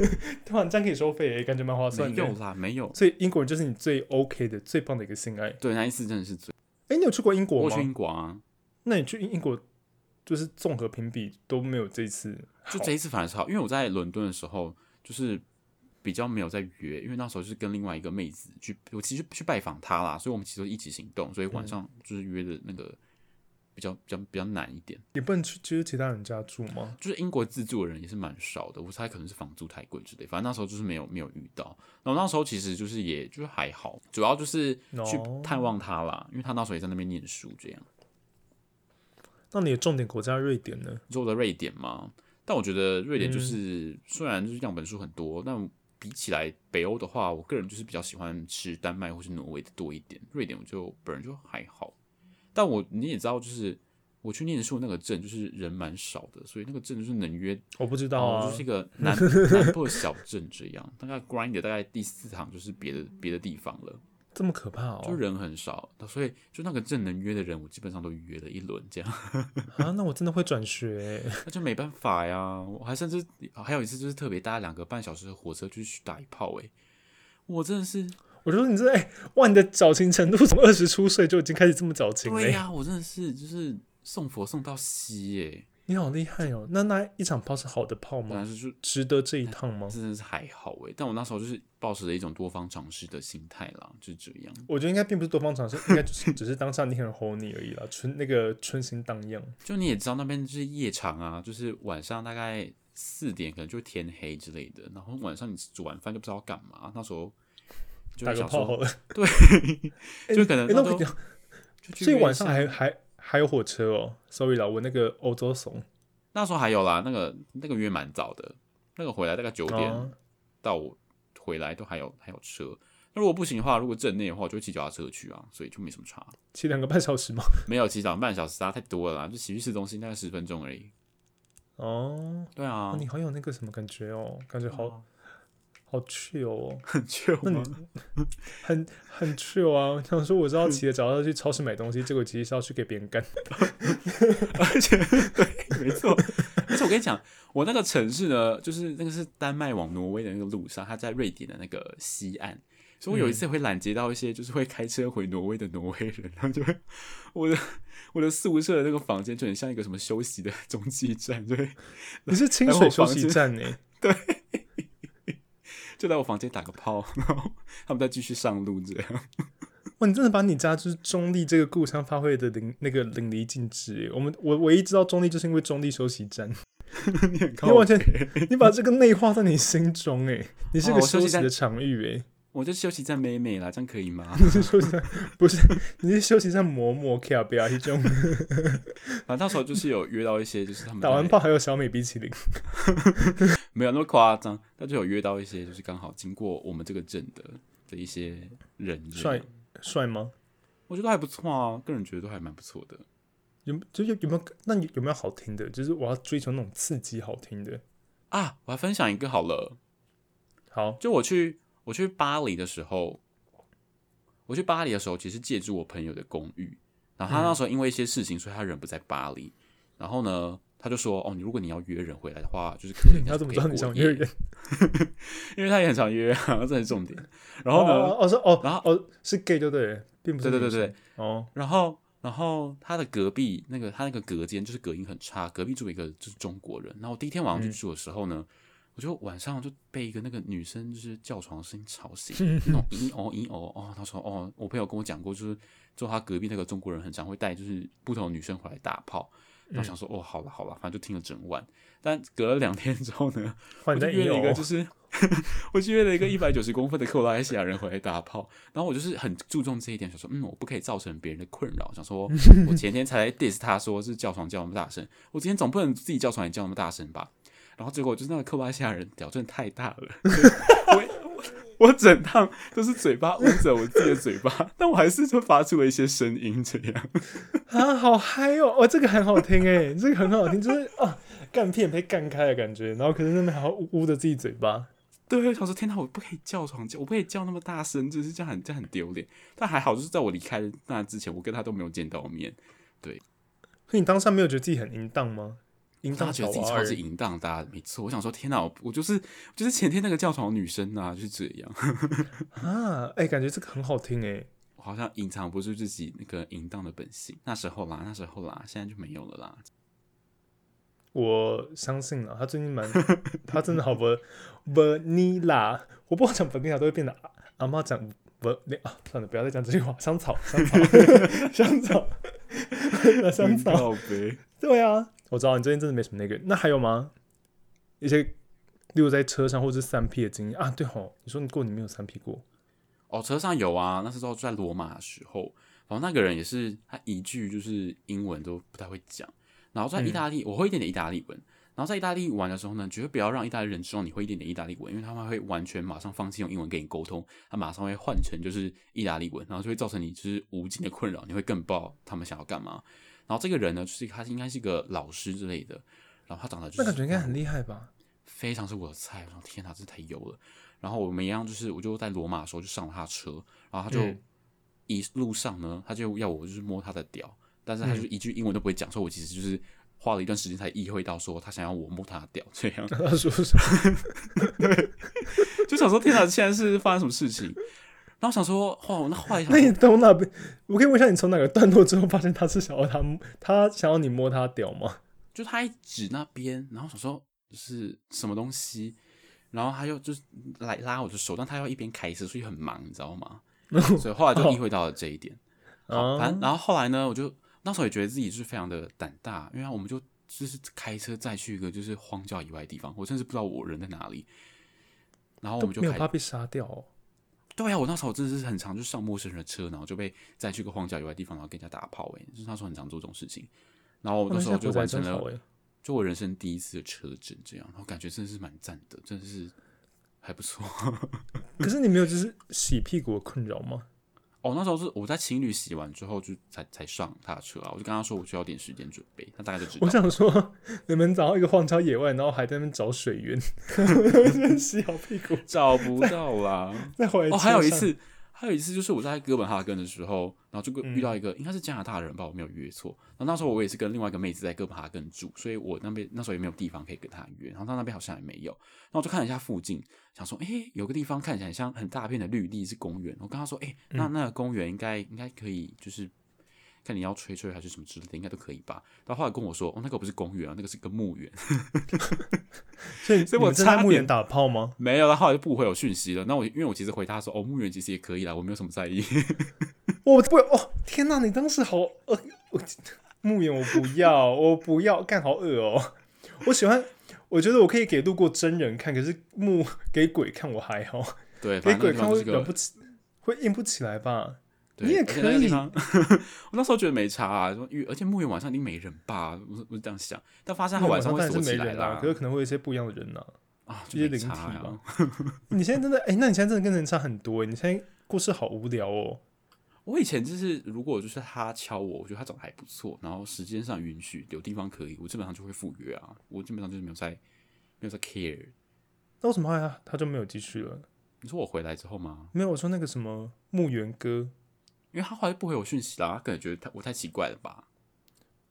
S1: 對吧？這樣可以收費、欸，感覺蠻划算的。沒有啦，沒有。所以英國就是你最 OK 的、最棒的一個性愛。對，那一次真的是最。哎、欸，你有去過英國嗎？我去英國啊。那你去英英國就是綜合評比都沒有這一次，
S2: 就這一次反而是好，因為我在倫敦的時候就是比較沒有在約，因為那時候就是跟另外一個妹子去，我其實去，去拜訪她啦，所以我們其實一起行動，所以晚上就是約的那個。嗯比較比較比較難一點，
S1: 你不能去，其實其他人家住嗎？
S2: 就是英國自住的人也是蠻少的，我猜可能是房租太貴之類。反正那時候就是沒有沒有遇到，然後那時候其實就是也就是還好，主要就是去探望他啦，Oh. 因為他那時候也在那邊念書這樣。
S1: 那你的重點國家瑞典呢？
S2: 就在瑞典嘛，但我覺得瑞典就是、嗯、雖然就是樣本數很多，但比起來北歐的話，我個人就是比較喜歡吃丹麥或是挪威的多一點，瑞典我就我本人就還好。但我你也知道，就是我去念書那個鎮，就是人蠻少的，所以那個鎮就是能約，我不知道、啊嗯、就是一個南 南部小鎮這樣。大概 grind 大概第四趟就是別的別的地方了，
S1: 這麼可怕哦，
S2: 就人很少，所以就那個鎮能約的人，我基本上都約了一輪這樣。
S1: 啊，那我真的會轉學、
S2: 欸， 那就沒辦法呀、啊。我還甚至還有一次就是特別搭兩個半小時的火車就去打一炮、欸，哎，
S1: 我真的是。我就說你這哎哇，你的矯情程度從二十出歲就已經開始這麼矯情了。對呀、
S2: 啊，我真的是就是送佛送到西哎、欸，
S1: 你好厲害哦！那那一場泡是好的泡嗎？但
S2: 是值得這一趟嗎？真的是還好哎、欸，但我那時候就是抱持著一種多方嘗試的心態啦，就是、這樣。
S1: 我覺得應該並不是多方嘗試， 應該就是只是當下你很 horny 你而已啦。 春那個春心蕩漾。就你也知道那
S2: 邊就是夜場啊，就是晚上大概四點可能就會天黑之類的，然後晚
S1: 上你煮完飯就不知道幹嘛，那時候。打個炮火了，對，欸、 就可能那。那、欸、所、欸、這一晚上還還還有火車哦，sorry 啦，我那個歐洲慫，
S2: 那時候還有啦，那個那個約蠻早的，那個回來大概九點、哦、到，回來都還有還有車。那如果不行的話，如果鎮內的話，我就會騎腳踏車去啊，所以就沒什麼差。
S1: 騎兩個半小時嗎？
S2: 沒有，騎兩半小時啊，太多了啦，就騎去市中心大概十分鐘而已。
S1: 哦，對啊，哦、你很有那個什麼感覺哦，感覺好、哦。好糗哦、喔，很糗，哦你很很哦啊！想說我是要起得早要去超市買東西，結果其實是要去給別人幹的。 而且，對，沒錯。而且我跟你講，我那個城市呢，就是那個是丹麥往挪威的
S2: 那個路上，他在瑞典的那個西岸。所以我有一次會攔截到一些就是會開車回挪威的挪威人，然後就會我的我的宿舍的那個房間就很像一個什麼休息的中繼站，對，不是清水房休息站呢、欸，對。就在我房間打個砲，然後他們再繼續上路這樣。
S1: 哇，你真的把你家就是中立這個故鄉發揮的淋那個淋漓盡致。我們我唯一知道中立就是因為中立休息站。 你很完全你把這個內化在你心中哎，你是個休息的場域哎。哦.我就休息在美美啦，這樣可以嗎？休息在不是？ 你是休息在磨磨 K 啊 B 啊一種。 反正到時候就是有約到
S2: 一些，就是他們打完炮
S1: 還有小美冰淇淋，
S2: 沒有那麼誇張。那 就有約到一些，就是剛好經過我們這個鎮的的一些人。帥
S1: 帥嗎？我覺得還不錯啊，個人覺得都還蠻不錯的。有就有，有沒有那你有，有沒有好聽的？就是我要追求那種刺激好聽的
S2: 啊！我要分享一個好了，好就我去。我去巴黎的時候，我去巴黎的時候，其實借住我朋友的公寓。然後他那時候因為一些事情，所以他人不在巴黎，嗯。然後呢，他就說：“哦，你如果你要約人回來的話，就是肯定要怎麼都想 約人， 因為他也很常約啊，這是重點。然後呢，哦，
S1: 哦是哦，然後哦是 gay 就對不對，並不是對對對對，對
S2: 哦。然後然後他的隔壁那個他那個隔間就是隔音很差，隔壁住一個就是中國人。然後第一天晚上去住的時候呢，嗯。我就晚上就被一個那個女生就是叫床的聲音吵醒，那種嚶哦嚶哦哦。她說哦，我朋友跟我講過，就是就她隔壁那個中國人很常會帶就是不同的女生回來打炮。
S1: 然後想說哦、
S2: 嗯 oh，好吧好吧，反正就聽了整晚。但隔了兩天之後呢，e、我就約了一個，就是 我就約，約了一個一百九十公分的克羅埃西亞人回來打炮。 然後我就是很注重這一點，想說嗯，我不可以造成別人的困擾。想說 我前天才 diss 他說是叫床叫那麼大聲，我今天總不能自己叫床也叫那麼大聲吧。然後結果就是那個克瓦西亞人，屌真的太大了。 我我，我整趟都是嘴巴捂着我自己的嘴巴， 但我還是就
S1: 發出了一些聲音，這樣啊，好嗨哦！哇、哦，這個很好聽哎、欸， 這個很好聽，就是啊，干片被幹開的感覺。然後可是那邊還捂捂的自己嘴巴，對，我想說，天哪，我不可以叫床叫，我不可以叫那麼大聲，就是這樣很這很丟臉。但還好，就是在我
S2: 離開那之前，我跟他都沒有見到面。對，
S1: 可你當時沒有覺得自己很淫蕩嗎？啊欸、大家覺得自己超級
S2: 淫蕩、啊，大家沒錯。我想說，天哪，我就是就是前天那個叫床女生啊，就是這樣
S1: 啊。哎、欸，感覺這個很好聽哎、欸。我
S2: 好像隱藏不住自己那個淫蕩的本性，那時候啦，那時候啦，現在就沒有了啦。
S1: 我相信了，她最近蠻她 真的好不不尼啦。我不好講，不尼拉都會變得阿媽講不尼啊，算了，不要再講這句話。香草香草香草香草，對呀、啊。我知道你最近真的沒什麼那個，那還有嗎？一些留在車上或者三 P 的經驗啊？對哦，你說你過，你沒有三 P 過？
S2: 哦，車上有啊，那時候在羅馬的時候，然後那個人也是他一句就是英文都不太會講，然後在意大利、嗯、我會一點點意大利文，然後在意大利玩的時候呢，絕對不要讓意大利人知道你會一點點意大利文，因為他們會完全馬上放棄用英文跟你溝通，他馬上會換成就是意大利文，然後就會造成你就是無盡的困擾，你會更不知道他們想要幹嘛。然後這個人呢，就是他應該是一個老師之類的，然後他長得、就是……那感覺
S1: 應該很厲害吧？
S2: 非常是我的菜。然後天哪，真是太油了。然後我沒樣，就是我就在羅馬的時候就上了他車，然後他就、嗯、一路上呢，他就要我就是摸他的屌，但是他就一句英文都不會講，所、嗯、以，我其實就是花了一段時間才意會到，說他想要我摸他的屌這樣。他說什
S1: 麼？
S2: 就想說天哪，現在是發生什麼事情？然後想說，哦，那後來……那你
S1: 到那邊？我可以問一下，你從哪個段落之後發現他是想要他，他想要你摸他屌嗎？
S2: 就他一指那邊，然後想說就是什麼東西，然後他又就是來拉我的手，但他要一邊開車，所以很忙，你知道嗎？
S1: 嗯、所以後來就意
S2: 會到了這一點。哦、好、啊，然後後來呢，我就那時候也覺得自己就是非常的膽大，因為我們就就是開車再去一個就是荒郊野外的地方，我甚至不知道我人在哪裡。然後我們就害怕
S1: 被殺掉、哦。
S2: 對呀、啊，我那時候真的是很常就上陌生人的車，然後就被載去個荒郊野外地方，然後跟人家打炮誒。就是，那時候很常做這種事情，然後那時候就完成了，就我人生第一次的車震這樣，我感覺真的是蠻讚的，真的是還不
S1: 錯。可是你沒有就是洗屁股的困擾嗎？
S2: 哦，那時候是我在情侶洗完之後就才才上他的車啊，我就跟他說，我需要點時間準備，他大概就知道。我想說，
S1: 你們找到一個荒郊野外，然後還在那找水源，洗 好屁股，找不到啦。哦，還有一次，還有一次就是我在哥本哈根的時候，
S2: 然後就遇到一個、嗯、應該是加拿大的人，吧，我沒有約錯。那那時候我也是跟另外一個妹子在哥本哈根住，所以我那邊那時候也沒有地方可以跟他約，然後他那邊好像也沒有，然後我就看了一下附近。他說：“哎、欸，有個地方看起來很像很大片的綠地，是公園。”我跟他說：“哎、欸，那那個公園應該應該可以，就是看你要吹吹還是什麼之類的，應該都可以吧。”他後來跟我說：“哦，那個不是公園啊，那個是一個墓園。 ”所
S1: 以，所以我猜墓園打炮嗎？
S2: 沒有。他後來就不回我訊息了。那我因為我其實回答說：“哦，墓園其實也可以啦，我沒有什麼在意。
S1: ”我不哦，天哪、啊！你當時好餓，我記得墓園我不要，我不要幹 好惡哦！我喜歡。我覺得我可以給路過真人看，可是墓給鬼看我還好，對，這個，給鬼看會硬不起，會硬不起來吧？你也可以啊。
S2: 我那時候覺得沒差，啊，因 為而且墓園晚上應該沒人吧？我我這樣想，但發現他晚上會鎖起啦，沒人啦，啊，可是
S1: 可能會有一些不一樣的人呢，啊，啊，這些靈體嘛。 你現在真的哎，欸，那你現在真的跟人差很多哎，欸，你現在故事好無聊哦。我以前就
S2: 是，如果就是他敲我，我覺得他長得還不錯，然後時間上允許，有地方可以，我基本上就會赴約啊。我基本上就是沒有在，沒有在 care。
S1: 那為什麼他、啊、他就沒有繼
S2: 續了？你說我回來之後嗎？
S1: 沒有，我說那個什麼牧原哥，因為他後來
S2: 不回我訊息啦，他可能覺得他我，我太奇怪了吧。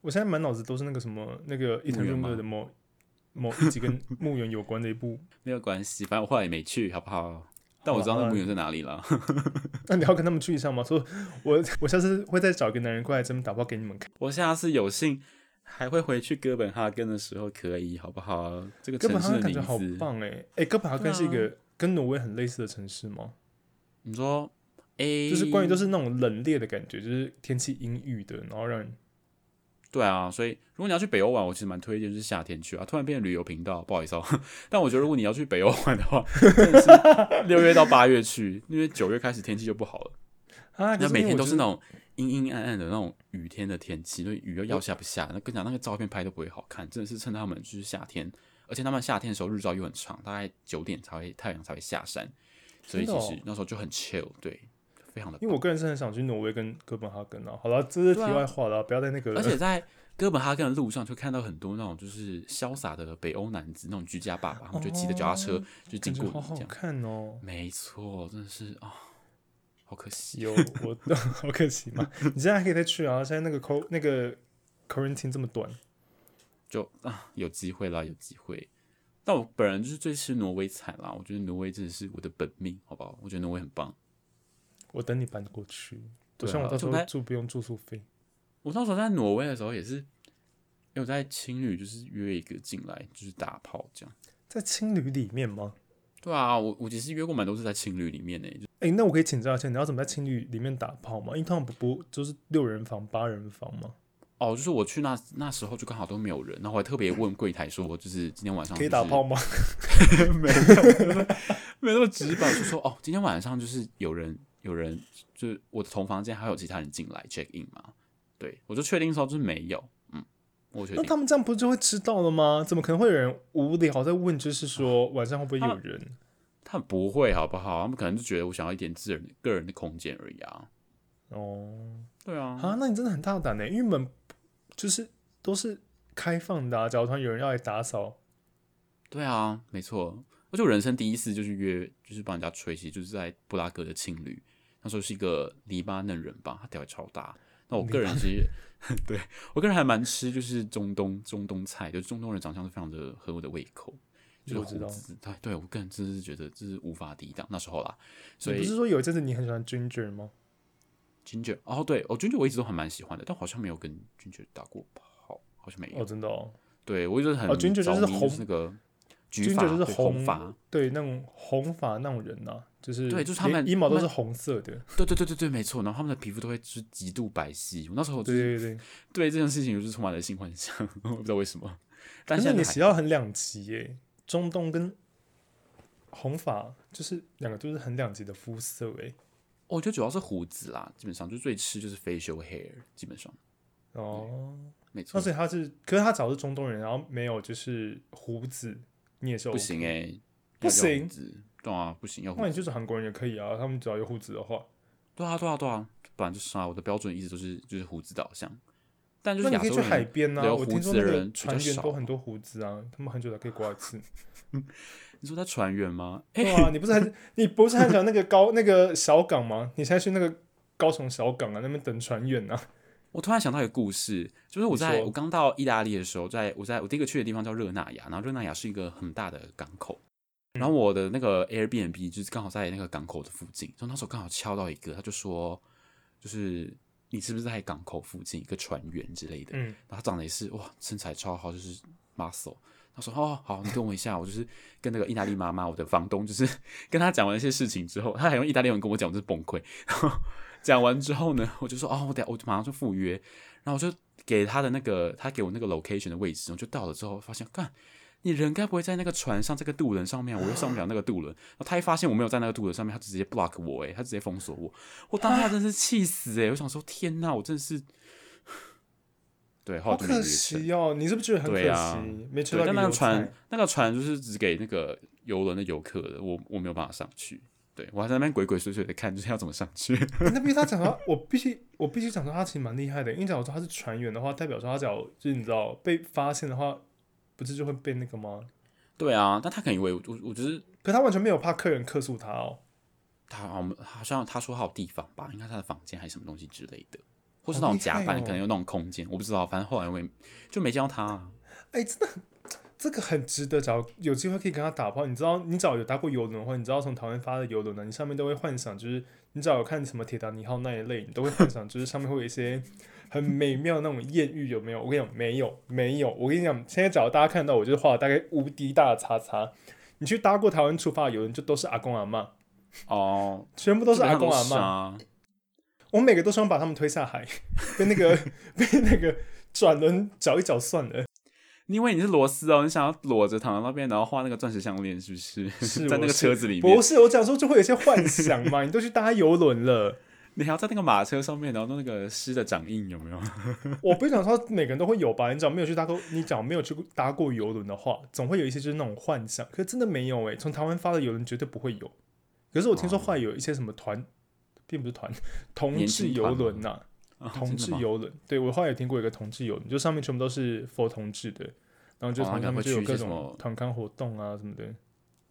S1: 我現在滿腦子都是那個什麼那個一藤兄的某某一集跟牧原有關的一部。
S2: 沒有關係，反正我後來也沒去，好不好？但我知道那母源在哪裡了，
S1: 那你要跟他們去一下嗎？說我我下次會再找一個男人過來，這邊打包給你們看。我下次有幸還會回去哥本哈
S2: 根的時候可以，好不好？這個城市哥本哈根感覺好棒誒。誒、欸，哥本哈根是一個
S1: 跟挪威很類似的城市嗎？你說、啊，就是關於就是那種冷冽的感覺，就是天氣陰鬱的，然後讓人。
S2: 對啊，所以如果你要去北歐玩，我其實蠻推薦是夏天去啊。突然變成旅遊頻道，不好意思哦。但我覺得如果你要去北歐玩的話， 真的是六月到八月去， 因為九月開始天氣就不好了啊。那每天都是那種陰陰暗暗的那種雨天的天氣，所、啊、雨又要下不下，那跟你講那個照片拍的不會好看。真的是趁他們就是夏天，而且他們夏天的時候日照又很長，大概九點才會太陽才會下山，所以其實那時候就很 chill 對。
S1: 非常的因為，我個人是很想去挪威跟哥本哈根啊。好了，這是題外話了、啊啊，不要在那
S2: 個。而且在哥本哈根的路上，就看到很多那種就是瀟灑的北歐男子，那種居家爸爸，哦、他們就騎着腳踏車、嗯、就經過，這樣好好看哦，沒錯，真的是啊、哦，好可惜哦，我好
S1: 可惜嘛。 你現在還可以再去啊，現在那個扣那個 quarantine 這麼短，
S2: 就、啊、有機會啦，有機會。但我本人就是最吃挪威菜啦，我覺得挪威真的是我的本命，好不好？我覺得挪威很棒。
S1: 我等你搬過去，對、啊，我，像我到時候住不用住宿費。
S2: 我到時候在挪威的時候也是，有在青旅，就是約一個進來，就是打炮這樣。
S1: 在青旅裡面嗎？
S2: 對啊，我我其實約過蠻多次在青旅裡面誒、欸。哎、
S1: 欸，那我可以請教一下，你要怎麼在青旅裡面打炮嗎？因為他們不不就是六人房、八人房嗎？
S2: 哦，就是我去那那時候就剛好都沒有人，然後我還特別問櫃檯說、哦，就是今天晚上、就是、可以打炮嗎？沒有，沒那麼直白， 就說哦，今天晚上就是有人。有人，就我的同房間還有其他人進來 check in 嗎？對，我就確定說就是沒有，嗯，我覺得，那他
S1: 們這樣不就會知道了嗎？怎麼可能會有人無聊好在問就是說晚上會不會有人？啊、他們
S2: 不會好不好？他們可能就覺得我想要一點自個人的空間而已啊。
S1: 哦，對啊，啊，那你真的很大膽哎、欸，因為門就是都是開放的、啊，假如說有人要來打掃，
S2: 對啊，沒錯，而且我人生第一次就是約就是幫人家吹氣，就是在布拉格的青旅。那時候是一個黎巴嫩人吧，他吊得超大。那我個人其實 對我個人還蠻吃，就是中東中東菜，就是中東人長相都非常的合我的胃口，就知道，就是、我對我個人真是覺得這是無法抵擋那時候啦。所以不是說
S1: 有一陣子你很喜歡 Ginger 嗎
S2: ？Ginger 哦，對，哦 Ginger 我一直都還蠻喜歡的，但好像沒有跟 Ginger 打過炮，好像沒有。哦，真的
S1: 哦。對，我一直很迷 Ginger、哦、就是紅、就是、那個。就覺得是紅髮，對，對那種紅髮那種人呢、啊，就是對，就是他們衣帽都是紅色的，
S2: 對對對對對，沒錯。然後他們的皮膚都會是極度白皙，我那時候、就是、對對對對這件事情就是充滿了性幻想， 我不知道為什麼。
S1: 但是你提到很兩極誒，中東跟紅髮就是兩個都是很兩極的膚色誒，我覺得主要是鬍
S2: 子啦，基本上就最吃就是 facial hair，基本上哦，
S1: 沒錯。但是他是，可是他早是中東人，然後沒有就是鬍子。你也是、OK? 不行
S2: 誒、欸，不行，對啊，不行，要。那你
S1: 就是韓國人也可以啊，他們只要有鬍子的話，
S2: 對啊，對啊，對啊，不然就是啊，我的標準一直都是就是鬍、就是、子的導向。但就是那你可以去海邊啊，啊，我聽說那個船員都很
S1: 多鬍子啊，他們很久才可以刮一次。
S2: 你說他船員嗎？對啊，你不是還
S1: 你不是還講那個高那個小港嗎？你現在去那個高雄小港啊，那邊等船員啊。
S2: 我突然想到一個故事，就是我在我剛到意大利的時候在，在我在我第一個去的地方叫熱那亞，然後熱那亞是一個很大的港口，然後我的那個 Airbnb 就是剛好在那個港口的附近，從那時候剛好敲到一個，他就說，就是你是不是在港口附近一個船員之類的，嗯，然後他長得也是哇身材超好，就是 muscle，他說哦好，你等我一下，我就是跟那個意大利媽媽， 我的房東就是跟他講完一些事情之後，他還用意大利文跟我講，我真是崩潰。然後講完之後呢，我就說哦，我等下，我就馬上就赴約。然後我就給他的那個，他給我那個 location 的位置，我就到了之後發現，幹，你人該不會在那個船上這個渡輪上面、啊？我又上不了那個渡輪。然後他一發現我沒有在那個渡輪上面，他就直接 block 我、欸，誒，他直接封鎖我。我當下真是氣死、欸，誒，我想說，天吶，我真的是， 對後來就沒，
S1: 好可惜哦，你是不是覺得很可惜？啊、沒吹到那，那個船，
S2: 那個船就是只給那個遊輪的遊客的，我我沒有辦法上去。對，我還在那邊鬼鬼祟祟的看，就是要怎麼上去那。那
S1: 必須他講說，我必須我必須講說他其實蠻厲害的，因為假如說他是船員的話，代表說他只要就是你知道被發現的話，不是就會被那個嗎？
S2: 對啊，但他可能以為我，我覺得、就是，
S1: 可他完全沒有怕客人
S2: 客訴他哦。他好像他，他說他有地方吧，應該他的房間還是什麼東西之類的，
S1: 或是那種夾板、哦，可能有
S2: 那種空間，我不知道，反正後來我就沒見到
S1: 他。哎、欸，真的。這個很值得若，有機會可以跟他打炮。你知道，你只要有搭過遊輪的話，你知道從台灣發的遊輪呢，你上面都會幻想，就是你只要看什麼鐵達尼號那一類，你都會幻想，就是上面會有一些很美妙的那種豔遇，有沒有？我跟你講，沒有，沒有。我跟你講，現在只要大家看到我，就是畫了大概無敵大的叉叉。你去搭過台灣出發的遊輪，就都是阿公阿嬤，哦，全部都是阿公阿嬤、啊。我每個都想把他們推下海，被那個 被那個轉輪攪一攪算了。因
S2: 為你是蘿絲哦，你想要裸着躺在那邊，然後畫那個鑽石項鏈，是不是？是是 在那個車子裡面？不是，
S1: 我講說就會有一些幻想嘛。
S2: 你都去搭遊輪了，你還要在那個馬車上面，然後弄那個
S1: 濕的掌印，有沒有？我不想說每個人都會有吧？你只要沒有去搭過，你只要沒有去過搭過遊輪的話，總會有一些就是那種幻想。可是真的沒有誒、欸。從台灣發的遊輪絕對不會有。可是我聽說好有一些什麼團，並不是團，同志遊輪吶。同志遊輪，對我後來也聽過一個同志遊輪，就上面全部都是佛同志的，然後就他們就有各種團康活動啊、哦、什麼什麼的。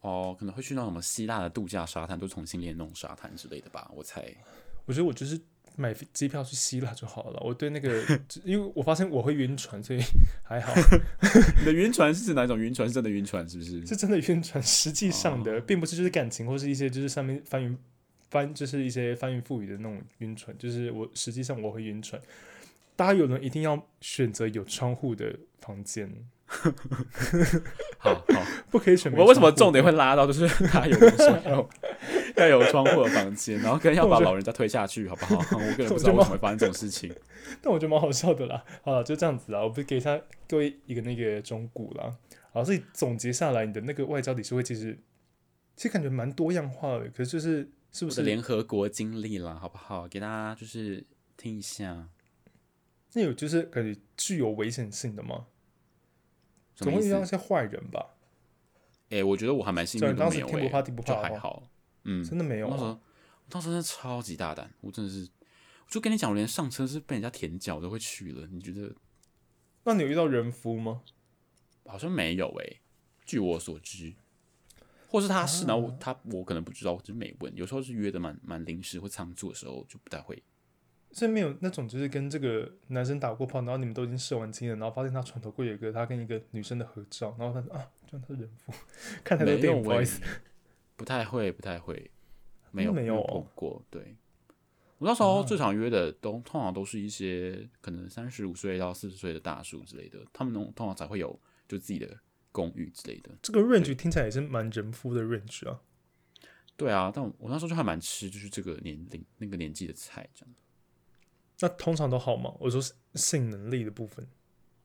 S1: 哦，可能會去那種什麼希臘的
S2: 度假沙灘，都重新聯動沙灘之類的吧？我猜。
S1: 我覺得我就是買機票去希臘就好了。我對那個， 因為我發現我會暈船，所以還好。 你的暈船是指哪一種暈船？是真的暈船是不是？是真的暈船，實際上的、哦、並不是就是感情或是一些就是上面翻雲。翻就是一些翻雲覆雨的那種暈船，就是我實際上我會暈船。大家有人一定要選擇有窗戶的房間。 好好，不可以選。我為什麼重點會拉到就是 大家有人要
S2: 要有窗戶的房間，然後跟要把老人家推下去，好不好、嗯？我個人不知道為什麼會發生這
S1: 種事情，但我， 但我覺得蠻好笑的啦。好了，就這樣子啊，我不是給他各位一個那個忠告啦。好，所以總結下來，你的那個外交理事會其實其實感覺蠻多樣化的，可是就是。是不是聯
S2: 合國經歷啦，好不好？給大家就是聽一
S1: 下。那有就是感覺具有危險性的嗎？
S2: 總會遇到一些壞人吧？誒、欸，我覺得我還蠻幸運的、欸，沒遇到。天不怕地不怕，就還好。
S1: 嗯，真的沒有。那時
S2: 候我當時真的超級大膽，我真的是，我就跟你講，我連上車是被人家舔腳都會去了。你覺得？
S1: 那你有遇到人夫嗎？
S2: 好像沒有誒、欸，據我所知。或是他是、啊，然後他我可能不知道，我、就、只、是、沒問。有時候是約的蠻蠻臨時或倉促的時候，就不太會。
S1: 所以沒有那種，就是跟這個男生打過炮，然後你們都已經試完親了，然後發現他床頭櫃有一個他跟一個女生的合照，然後他啊，說他這人夫，看來都變味。
S2: 不太會，不太會，
S1: 沒有、嗯、沒有碰、
S2: 哦、過。對我那時候最常約的都，都通常都是一些、啊、可能三十五歲到四十歲的大叔之類的，他們那種通常才會有就自己的。公寓之類的，這個
S1: range 聽起來也是蠻人夫的 range 啊。
S2: 對啊，但我我那時候就還蠻吃就是這個年齡那個年紀的菜這樣。
S1: 那通常都好嗎？我說性能力的部分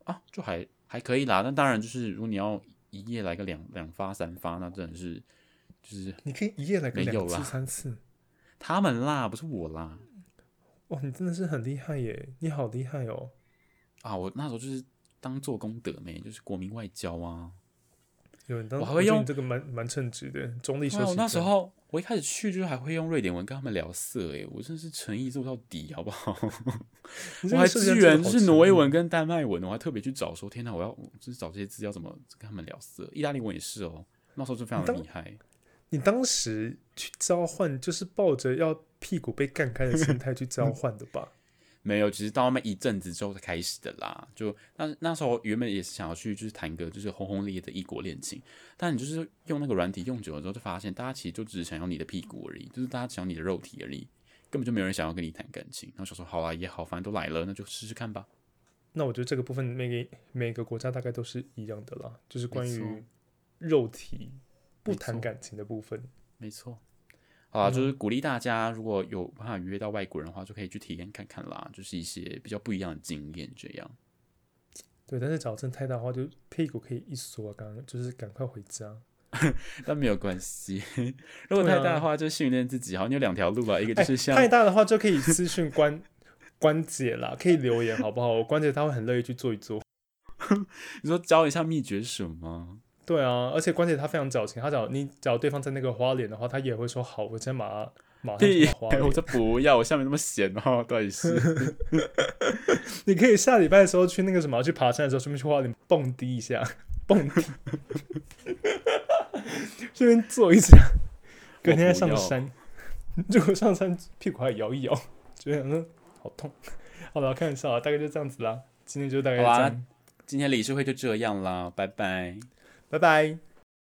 S2: 啊，就還還可以啦。但當然就是如果你要一夜來個兩兩發三發，那真的是就是
S1: 你可以一夜來個兩次三次。
S2: 他們啦，不是我啦。
S1: 哇，你真的是很厲害耶！你好厲害哦。
S2: 啊，我那時候就是當做功德沒，就是國民外交啊。
S1: 有當我還會用這個蠻蠻稱職的中立學然、哦、那時候
S2: 我一開始去就是還會用瑞典文跟他們聊色哎、欸，我真的是誠意做到底好不好？ 我
S1: 還甚至是挪威
S2: 文跟丹麥文我還特別去找說，天吶，我要就是找這些資料怎麼跟他們聊色。意大利文，也是哦，那時候就非常的厲害
S1: 你。你當時去交換就是抱着要屁股被幹開的心態去交換的吧？ 嗯
S2: 沒有，其實到那一陣子之後才開始的啦。就那那時候原本也是想要去，就是談一個就是轟轟烈烈的異國戀情，但你就是用那個軟體用久了之後，就發現大家其實就只是想要你的屁股而已，就是大家想要你的肉體而已，根本就沒有人想要跟你談感情。然後想說，好啊也好，反正都來了，那就試試看吧。
S1: 那我覺得這個部分每個每個國家大概都是一樣的啦，就是關於肉體不談感情的部分，沒錯。沒錯
S2: 好啊，就是鼓勵大家，如果有辦法約到外國人的話，就可以去體驗看看啦，就是一些比較不一樣的經驗這樣。
S1: 對，但是假如真的太大的話，就屁股可以一縮、啊，剛剛就是趕快回家。
S2: 但沒有關係， 如果太大的話，啊、就訓練自己。好，你有兩條路吧，一個就是像、欸、太大
S1: 的話，就可以私訊關 關姐啦，可以留言好不好？我關姐她會很樂意去做一做。 你說，教一下秘訣是什麼？對啊，而且關鍵他非常矯情，他找你找對方在那個花臉的話，他也會說好，我今天馬，馬上馬上花臉。我說不要，我下面那
S2: 麼閒、啊。鹹
S1: 到底是。 你可以下禮拜的時候去那個什麼，去爬山的時候順便去花臉蹦迪一下，蹦迪，順 便坐一下，今天上山，如果上山屁股還搖一搖，覺得好痛。好了，看一下啊，大概就這樣子啦，今天就大概這樣。
S2: 好啊，今天理事會就這樣啦，拜拜。
S1: 拜拜。